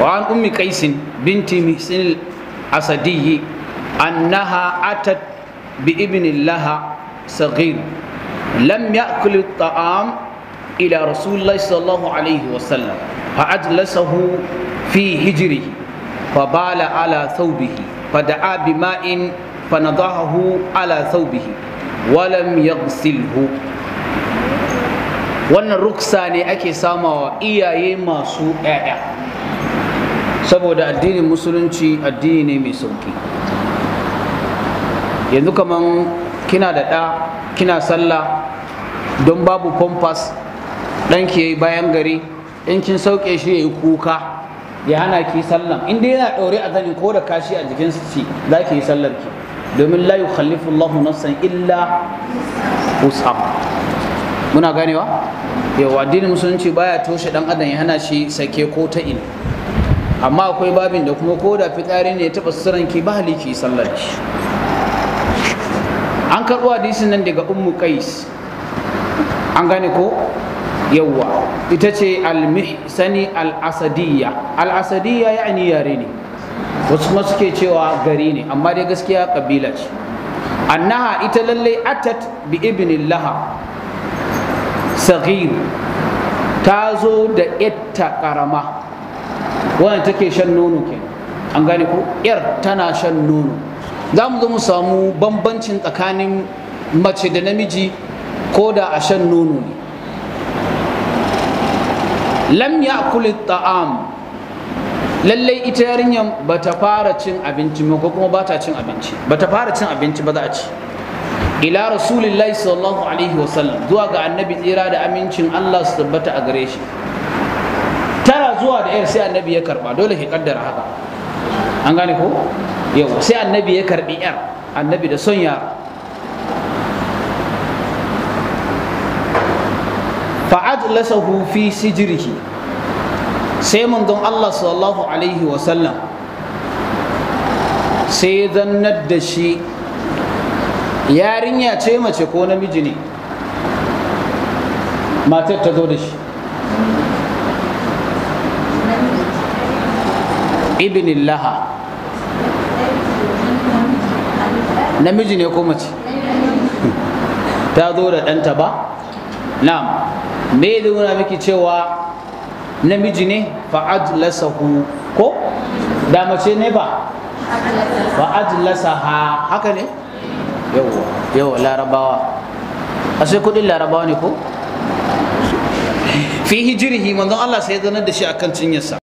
وعن أم قيس بنت محسن الأسدي أنها أتت بابن لها صغير لم يأكل الطعام إلى رسول الله صلى الله عليه وسلم فأجلسه في هجره فبال على ثوبه فدعا بماء فنضعه على ثوبه ولم يغسله wannan ruksa ne ake samawa iyaye masu 'ya'ya saboda addinin musulunci addini ne mai sauki yanzu kaman kina da ɗa kina sallah don babu pompas ɗanki ya yi bayan gari in kin sauke shi ya yi kuka ya hana ki sallan in dai yana ɗaure a zanin ko da kashi a jikin ci za ki yi sallar ki domin la yukhallifu Allahu nafsan illa us'a muna ganewa yau addinin musulunci baya toshe dan adam ya hana shi sake ko ta ina amma akwai babin da kuma ko da fitsari ne ya taɓa ki ba haliki sallar shi an karɓo hadisin nan daga ummu qais an gane ko yawwa ita ce al-mihsani al-asadiyya al-asadiyya ya'ni yare ne wasu kuma suke cewa gari ne amma dai gaskiya kabila ce annaha ita lallai atat bi laha sagir ta zo da ita karama wanda take shan nono ke an gane ko yar tana shan nono za mu zo mu samu bambancin tsakanin mace da namiji ko da a shan nono ne lam ya ta'am lallai ita yarinyar ba ta fara cin abinci ko kuma ba ta cin abinci ba ta fara cin abinci ba za a ci ila rasulillahi sallallahu alaihi wasallam zuwa ga annabi tsira da amincin Allah su tabbata a gare shi tara zuwa da yar sai annabi ya karba dole ki kaddara haka an gane ko yau sai annabi ya karbi yar annabi da son yara fa'adlasahu fi sijirihi sai manzon Allah sallallahu alaihi wasallam sai zannar da shi yarinya ce mace ko namiji ne matar ta zo da shi ibn laha namiji ne ko mace ta zo da ɗanta ba Na. me zai nuna miki cewa namiji ne Fa'ad fa'adlasahu ko da mace ne ba Fa'ad ha, haka ne yawa larabawa a sai kudin larabawa ne ko fi hijirihi manzon Allah sai ya zanar da shi akan cinyarsa